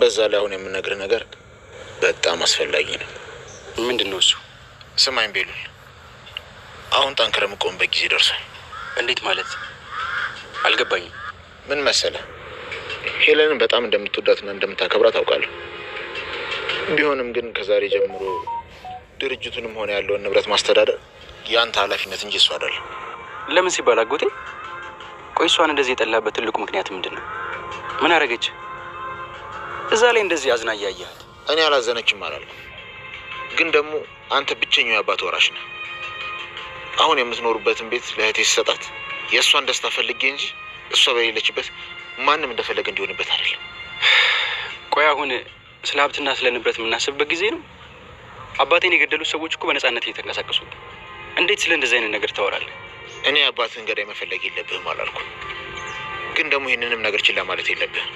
በዛ ላይ አሁን የምነግር ነገር በጣም አስፈላጊ ነው። ምንድን ነው እሱ? ስማኝ ቤሉል፣ አሁን ጠንክረ የምቆምበት ጊዜ ደርሷል። እንዴት ማለት አልገባኝም። ምን መሰለ፣ ሄለንን በጣም እንደምትወዳትና እንደምታከብራ ታውቃለሁ። ቢሆንም ግን ከዛሬ ጀምሮ ድርጅቱንም ሆነ ያለውን ንብረት ማስተዳደር የአንተ ኃላፊነት እንጂ እሱ አይደለም። ለምን ሲባል አጎቴ፣ ቆይ እሷን እንደዚህ የጠላበት ትልቁ ምክንያት ምንድን ነው? ምን አደረገች? እዛ ላይ እንደዚህ አዝና እኔ አላዘነችም አላለሁ፣ ግን ደግሞ አንተ ብቸኛው አባት ወራሽ ነህ። አሁን የምትኖሩበትን ቤት ለእህቴ ስሰጣት የእሷን ደስታ ፈልጌ እንጂ እሷ በሌለችበት ማንም እንደፈለገ እንዲሆንበት አይደለም። ቆይ አሁን ስለ ሀብትና ስለ ንብረት የምናስብበት ጊዜ ነው? አባቴን የገደሉት ሰዎች እኮ በነፃነት እየተንቀሳቀሱ እንዴት ስለ እንደዚህ አይነት ነገር ታወራለህ? እኔ አባትን ገዳይ መፈለግ የለብህም አላልኩም፣ ግን ደግሞ ይህንንም ነገር ችላ ማለት የለብህም።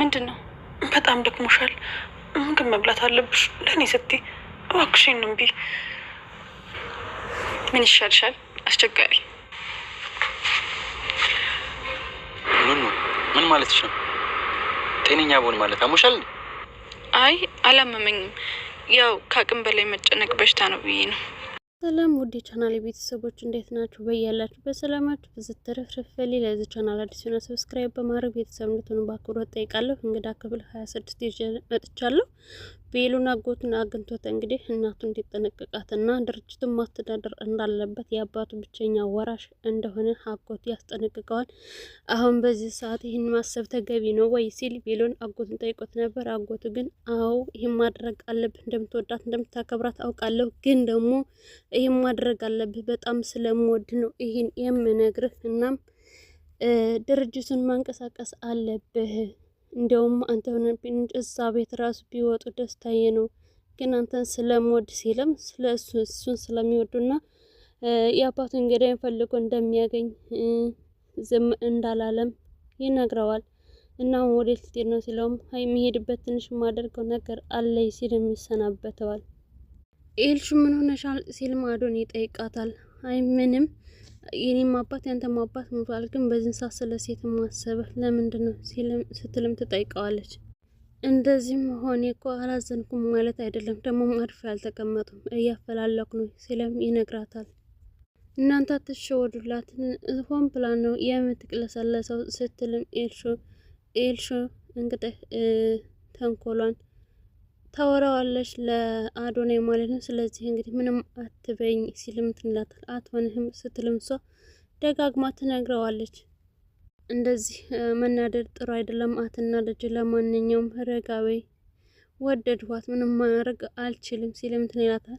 ምንድን ነው? በጣም ደክሞሻል፣ ምግብ መብላት አለብሽ። ለእኔ ስትይ እባክሽን እምቢ። ምን ይሻልሻል? አስቸጋሪ ኑኑ፣ ምን ማለትሽ ነው? ጤነኛ በሆን ማለት አሞሻል? አይ አላመመኝም። ያው ከአቅም በላይ መጨነቅ በሽታ ነው ብዬ ነው። ሰላም ውድ የቻናል ቤተሰቦች እንዴት ናችሁ? በያላችሁ በሰላማችሁ ብዝት ተረፍረፈሌ። ለዚህ ቻናል አዲስ ሆነ ሰብስክራይብ በማድረግ ቤተሰብ እንድትሆኑ በአክብሮት ጠይቃለሁ። እንግዳ ክፍል 26 ይዤ መጥቻለሁ። ቤሉን አጎቱን አግኝቶት እንግዲህ እናቱ እንዲጠነቅቃትና ድርጅቱን ማስተዳደር እንዳለበት የአባቱ ብቸኛ ወራሽ እንደሆነ አጎቱ ያስጠነቅቀዋል። አሁን በዚህ ሰዓት ይህን ማሰብ ተገቢ ነው ወይ ሲል ቤሉን አጎቱን ጠይቆት ነበር። አጎቱ ግን አዎ ይህን ማድረግ አለብህ፣ እንደምትወዳት እንደምታከብራት አውቃለሁ፣ ግን ደግሞ ይህን ማድረግ አለብህ፣ በጣም ስለምወድ ነው ይህን የምነግርህ። እናም ድርጅቱን ማንቀሳቀስ አለብህ እንደውም አንተ አንተን እዛ ቤት ራሱ ቢወጡ ደስታዬ ነው፣ ግን አንተን ስለምወድ ሲለም ስለ እሱን ስለሚወዱና የአባቱን እንግዳይን ፈልጎ እንደሚያገኝ ዝም እንዳላለም ይነግረዋል። እና አሁን ወዴት ልትሄድ ነው ሲለውም ሀይ የሚሄድበት ትንሽ የማደርገው ነገር አለኝ ሲል የሚሰናበተዋል። ኤልሹ ምን ሆነሻል ሲልም አዶን ይጠይቃታል። አይ ምንም የኔም አባት ያንተም አባት ሞቷል፣ ግን በዚህን ሰዓት ስለ ሴት ማሰብህ ለምንድን ነው ስትልም ትጠይቀዋለች። እንደዚህ መሆኔ እኮ አላዘንኩም ማለት አይደለም፣ ደግሞ አርፈው አልተቀመጡም እያፈላለኩ ነው ሲለም ይነግራታል። እናንተ አትሸወዱላት፣ ሆን ብላ ነው የምትቅለሰለሰው ስትልም ኤልሾ እንግዲህ ተንኮሏን ታወራዋለች ለአዶናይ ማለት ነው። ስለዚህ እንግዲህ ምንም አትበኝ ሲልም ትንላታል። አትሆንህም ስትልም እሷ ደጋግማ ትነግረዋለች። እንደዚህ መናደድ ጥሩ አይደለም፣ አትናደጅ። ለማንኛውም ረጋ ወደድኋት፣ ምንም ማድረግ አልችልም ሲልም ትንላታል።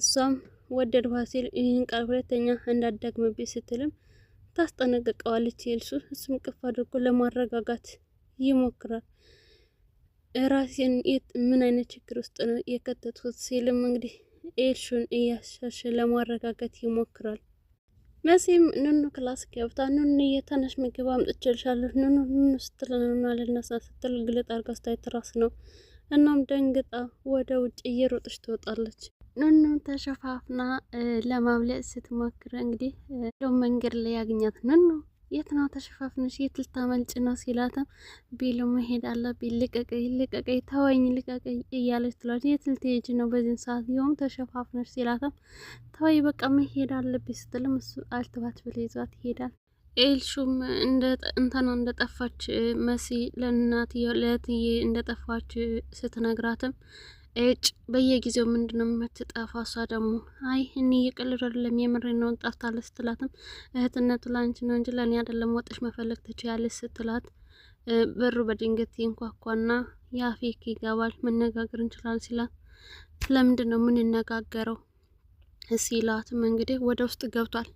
እሷም ወደድኋት ሲል ይህን ቃል ሁለተኛ እንዳደግምብኝ ስትልም ታስጠነቅቀዋለች። ይልሱ እሱም ቅፍ አድርጎ ለማረጋጋት ይሞክራል። ራሴን ምን አይነት ችግር ውስጥ ነው የከተትኩት ሲልም እንግዲህ ኤልሹን እያሻሸ ለማረጋገጥ ይሞክራል። መሲም ኑኑ ክላስ ገብታ ኑኑ የተነሽ ምግብ አምጥቼልሻለሁ ኑኑ ኑኑ ስትል ኑኑ አልነሳ ስትል ግልጥ አርጋ ስታይ ራስ ነው። እናም ደንግጣ ወደ ውጭ እየሮጠች ትወጣለች። ኑኑ ተሸፋፍና ለማምለጥ ስትሞክር እንግዲህ ሎ መንገድ ላይ ያገኛት ኑኑ የትና ተሸፋፍንሽ የት ልታመልጭ ነው ሲላትም ቢሉ መሄድ አለብኝ ልቀቀኝ፣ ልቀቀኝ፣ ተወኝ፣ ልቀቀኝ እያለች ትላለች። የት ልትሄጂ ነው በዚህን ሰዓት ይኸውም ተሸፋፍነሽ ሲላትም ተወይ በቃ መሄድ አለብኝ ስትልም እሱ አልትባት ብሎ ይዟት ይሄዳል። ኤልሹም እንተና እንደጠፋች መሲ ለእናትዬ ለእህትዬ እንደጠፋች ስትነግራትም እጭ በየጊዜው ምንድነው የምትጠፋ? እሷ ደግሞ አይ እኔ እየቀልድ አይደለም የምሬ ነው ጠፍታለች ስትላትም እህትነቱ ላንቺ ነው እንጂ ለእኔ አይደለም ወጥሽ መፈለግ ትችያለሽ ስትላት በሩ በድንገት ይንኳኳና የአፌክ ይገባል መነጋገር እንችላል ሲላት ስለምንድን ነው የምንነጋገረው ሲላትም እንግዲህ ወደ ውስጥ ገብቷል።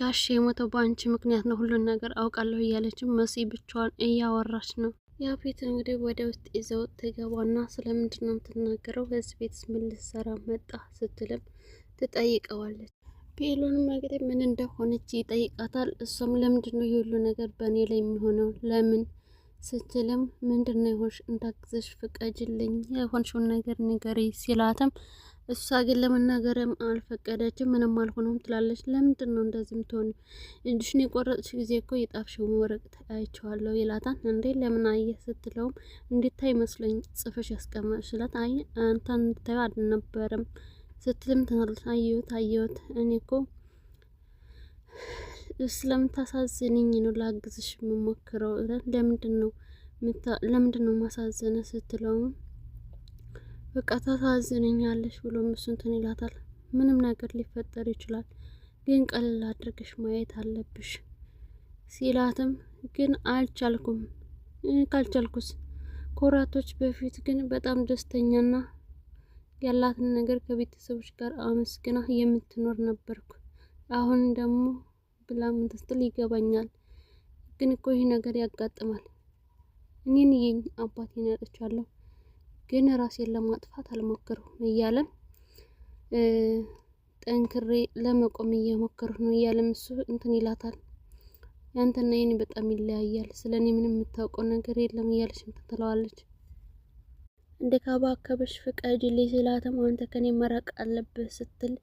ጋሽ የሞተው በአንቺ ምክንያት ነው ሁሉን ነገር አውቃለሁ እያለችም መሲ ብቻዋን እያወራች ነው። ያፌት እንግዲህ ወደ ውስጥ ይዘው ትገባና ስለምንድን ነው የምትናገረው? ህዝብ ቤትስ ምን ልትሰራ መጣ ስትልም ትጠይቀዋለች። ቢሎንም እንግዲህ ምን እንደሆነች ይጠይቃታል። እሷም ለምንድን ነው የሁሉ ነገር በእኔ ላይ የሚሆነው ለምን ስትልም ምንድን ነው የሆንሽ እንዳግዘሽ ፍቀጅልኝ የሆንሽውን ነገር ንገሪ ሲላትም እሷ ግን ለመናገርም አልፈቀደችም። ምንም አልሆነም ትላለች። ለምንድን ነው እንደዚህ ምትሆን? እጅሽን የቆረጥሽ ጊዜ እኮ የጣፍሽው ወረቀት አይቼዋለሁ ይላታል። እንዴ ለምን አየህ ስትለውም እንድታይ መስሎኝ ጽፈሽ ያስቀመጥሽ ስላት፣ አይ አንተ እንድታዩ አልነበረም ስትልም ትናለች። አየሁት አየሁት እኔ እኮ ስለምታሳዝንኝ ነው ላግዝሽ የምሞክረው። ለምንድን ነው ለምንድን ነው ማሳዘነ ስትለውም በቃ ታሳዝንኛለሽ ብሎ እሱ እንትን ይላታል። ምንም ነገር ሊፈጠር ይችላል፣ ግን ቀለል አድርገሽ ማየት አለብሽ ሲላትም ግን አልቻልኩም። ካልቻልኩስ ኮራቶች በፊት ግን በጣም ደስተኛና ያላትን ነገር ከቤተሰቦች ጋር አመስግና የምትኖር ነበርኩ። አሁን ደግሞ ብላ ምን ይገባኛል። ግን እኮ ይህ ነገር ያጋጥማል። እኔን ይኝ አባቴን ያጠቻለሁ ግን ራሴን ለማጥፋት አልሞክርም እያለም ጠንክሬ ለመቆም እየሞከርሁ ነው እያለም እሱ እንትን ይላታል። ያንተና የኔ በጣም ይለያያል፣ ስለ እኔ ምንም የምታውቀው ነገር የለም እያለች እንትን ትለዋለች። እንደ ካባከበሽ ፍቀጂልኝ ሲላትም አንተ ከኔ መራቅ አለብህ ስትል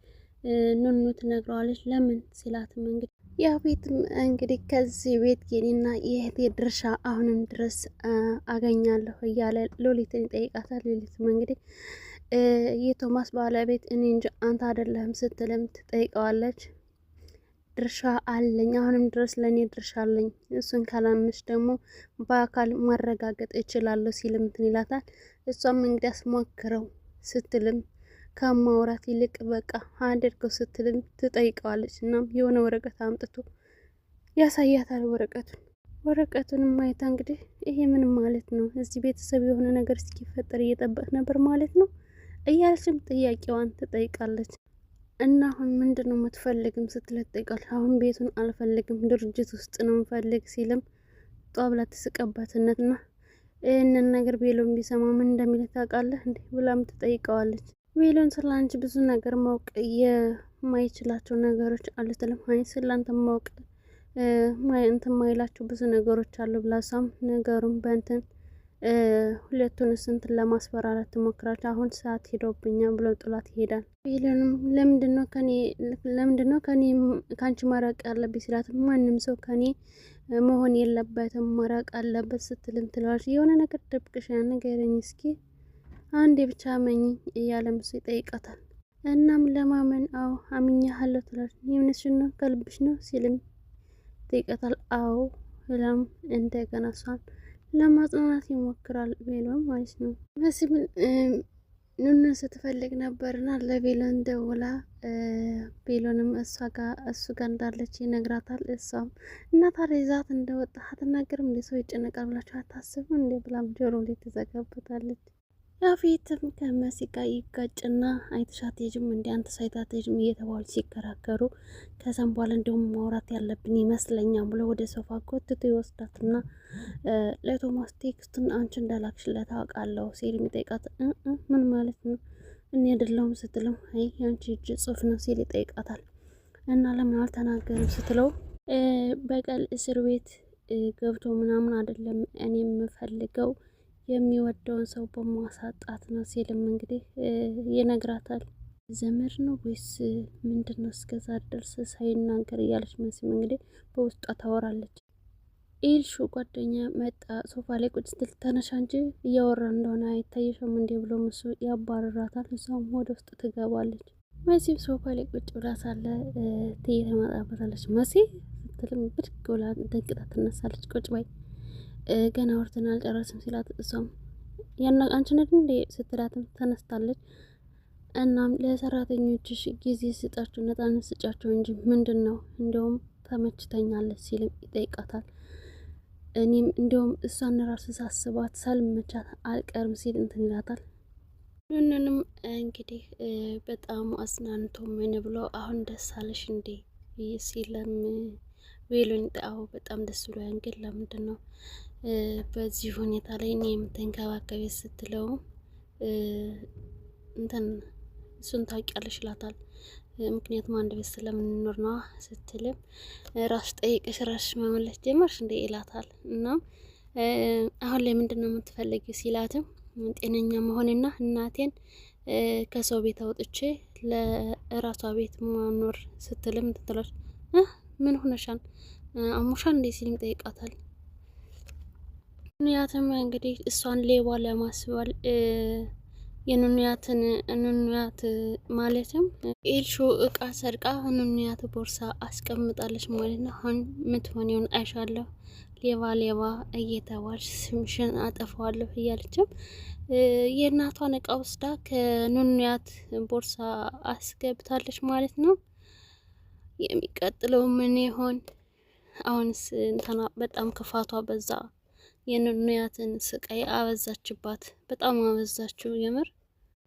ኑኑ ትነግረዋለች። ለምን ሲላትም እንግዲህ ያፌትም እንግዲህ ከዚህ ቤት የኔና የእህቴ ድርሻ አሁንም ድረስ አገኛለሁ እያለ ሎሊትን ይጠይቃታል። ሎሊትም እንግዲህ የቶማስ ባለቤት እኔ እንጂ አንተ አይደለህም ስትልም ትጠይቀዋለች። ድርሻ አለኝ፣ አሁንም ድረስ ለእኔ ድርሻ አለኝ፣ እሱን ካላምሽ ደግሞ በአካል ማረጋገጥ እችላለሁ ሲልም እንትን ይላታል። እሷም እንግዲህ አስሞክረው ስትልም ከማውራት ይልቅ በቃ አድርገው ስትልም ትጠይቀዋለች። እናም የሆነ ወረቀት አምጥቶ ያሳያታል ወረቀቱን። ወረቀቱንም ማየታ እንግዲህ ይሄ ምን ማለት ነው? እዚህ ቤተሰብ የሆነ ነገር እስኪፈጠር እየጠበቅ ነበር ማለት ነው እያለችም ጥያቄዋን ትጠይቃለች። እና አሁን ምንድን ነው የምትፈልግም ስትለት ትጠይቃለች። አሁን ቤቱን አልፈልግም ድርጅት ውስጥ ነው ምፈልግ ሲልም ጧብላ ትስቀባትነት ይህንን ነገር ቤሎም ቢሰማ ምን እንደሚል ታውቃለህ እንዲህ ብላም ትጠይቀዋለች። ቬሎን ስላንቺ ብዙ ነገር ማወቅ የማይችላቸው ነገሮች አሉ ትልም ስላንተ ማወቅ እንትን ማይላቸው ብዙ ነገሮች አሉ ብላ እሷም ነገሩን በእንትን ሁለቱን ስንት ለማስፈራራት ትሞክራለች። አሁን ሰዓት ሄዶብኛ ብሎ ጥላት ይሄዳል። ቬሎንም ለምንድነው ከኔ ከአንቺ መራቅ ያለብኝ ስላት ማንም ሰው ከኔ መሆን የለበትም መራቅ አለበት ስትልም ትለዋለች። የሆነ ነገር ደብቅሽ ንገረኝ እስኪ አንዴ ብቻ መኝ እያለም እሱ ይጠይቃታል። እናም ለማመን አዎ አምኛለሁ ትላለች። ይምንሽ ነው ከልብሽ ነው ሲልም ይጠይቃታል። አዎ ላም እንደገና እሷን ለማጽናናት ይሞክራል። ቤሎን ማለት ነው መስብን ኑኑን ስትፈልግ ነበርና ለቤሎን ደውላ ቤሎንም እሷ ጋር እሱ ጋር እንዳለች ይነግራታል። እሷም እና ታዲያ ይዛት እንደወጣ አትናገርም እንደ ሰው ይጨነቃል ብላችሁ አታስቡ እንደ ብላም ጆሮ ላይ ትዘጋበታለች። ያፌትም ከመሲ ጋር ይጋጭና አይተሻት ሄጅም እንዲ አንተ ሳይታት ሄጅም እየተባሉ ሲከራከሩ ከዛም በኋላ እንዲሁም ማውራት ያለብን ይመስለኛል ብሎ ወደ ሶፋ ጎትቶ ይወስዳትና ለቶማስ ቴክስቱን አንቺ እንዳላክሽለት አውቃለሁ ሲል የሚጠይቃት ምን ማለት ነው እኔ አይደለሁም ስትለው አይ አንቺ እጅ ጽሑፍ ነው ሲል ይጠይቃታል። እና ለምን አልተናገርም ስትለው በቀል እስር ቤት ገብቶ ምናምን አይደለም እኔ የምፈልገው የሚወደውን ሰው በማሳጣት ነው ሲልም እንግዲህ ይነግራታል። ዘመድ ነው ወይስ ምንድን ነው እስከዛ ድረስ ሳይናገር እያለች መስም እንግዲህ በውስጧ ታወራለች። ኢልሹ ጓደኛ መጣ። ሶፋ ላይ ቁጭ ስትል ተነሻ እንጂ እያወራ እንደሆነ አይታየሽም እንዴ ብሎ ምሱ ያባረራታል። እሷም ወደ ውስጥ ትገባለች። መሲም ሶፋ ላይ ቁጭ ብላ ሳለ ትይ ተመጣበታለች። መሲ ስትልም ብድግ ብላ ደንግጣ ትነሳለች። ቁጭ ባይ ገና አውርተን አልጨረስም ሲላት እሷም ያና አንቺ ነሽ እንዴ ስትላትም ተነስታለች። እናም ለሰራተኞችሽ ጊዜ ስጫቸው ነፃን ስጫቸው እንጂ ምንድን ነው እንደውም ተመችተኛለች ሲልም ይጠይቃታል። እኔም እንደውም እሷን ራሱ ሳስባት ሳልመቻት አልቀርም ሲል እንትን ይላታል። ይህንንም እንግዲህ በጣም አስናንቶ ምን ብሎ አሁን ደስ አለሽ እንዴ ሲለም ቬሎኝ ጣው በጣም ደስ ብሎ ያንግል ለምንድን ነው በዚህ ሁኔታ ላይ እኔ የምትንከባከቢ ስትለው እንትን እሱን ታውቂያለሽ ይላታል። ምክንያቱም አንድ ቤት ስለምንኖር ነዋ ስትልም ራስሽ ጠይቀሽ ራስሽ መመለስ ጀመርሽ እንደ ይላታል። እና አሁን ላይ ምንድን ነው የምትፈልጊው ሲላትም ጤነኛ መሆንና እናቴን ከሰው ቤት አውጥቼ ለራሷ ቤት መኖር ስትልም ትትለች ምን ሆነሻን አሞሻል እንዴ ሲልም ጠይቃታል። ኑያትም እንግዲህ እሷን ሌባ ለማስባል የኑኑያትን ኑኑያት ማለትም ኤልሹ እቃ ሰርቃ ኑኑያት ቦርሳ አስቀምጣለች ማለት ነው። አሁን ምትሆን ምትሆኔውን አይሻለሁ ሌባ ሌባ እየተባልሽ ስምሽን አጠፋዋለሁ እያለችም የእናቷን እቃ ወስዳ ከኑኑያት ቦርሳ አስገብታለች ማለት ነው። የሚቀጥለው ምን ይሆን? አሁንስ እንትና በጣም ክፋቷ በዛ። የኑንያትን ስቃይ አበዛችባት። በጣም አበዛችው የምር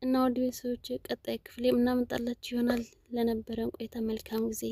እና ወደ ቤተሰቦች ቀጣይ ክፍል የምናመጣላችሁ ይሆናል። ለነበረን ቆይታ መልካም ጊዜ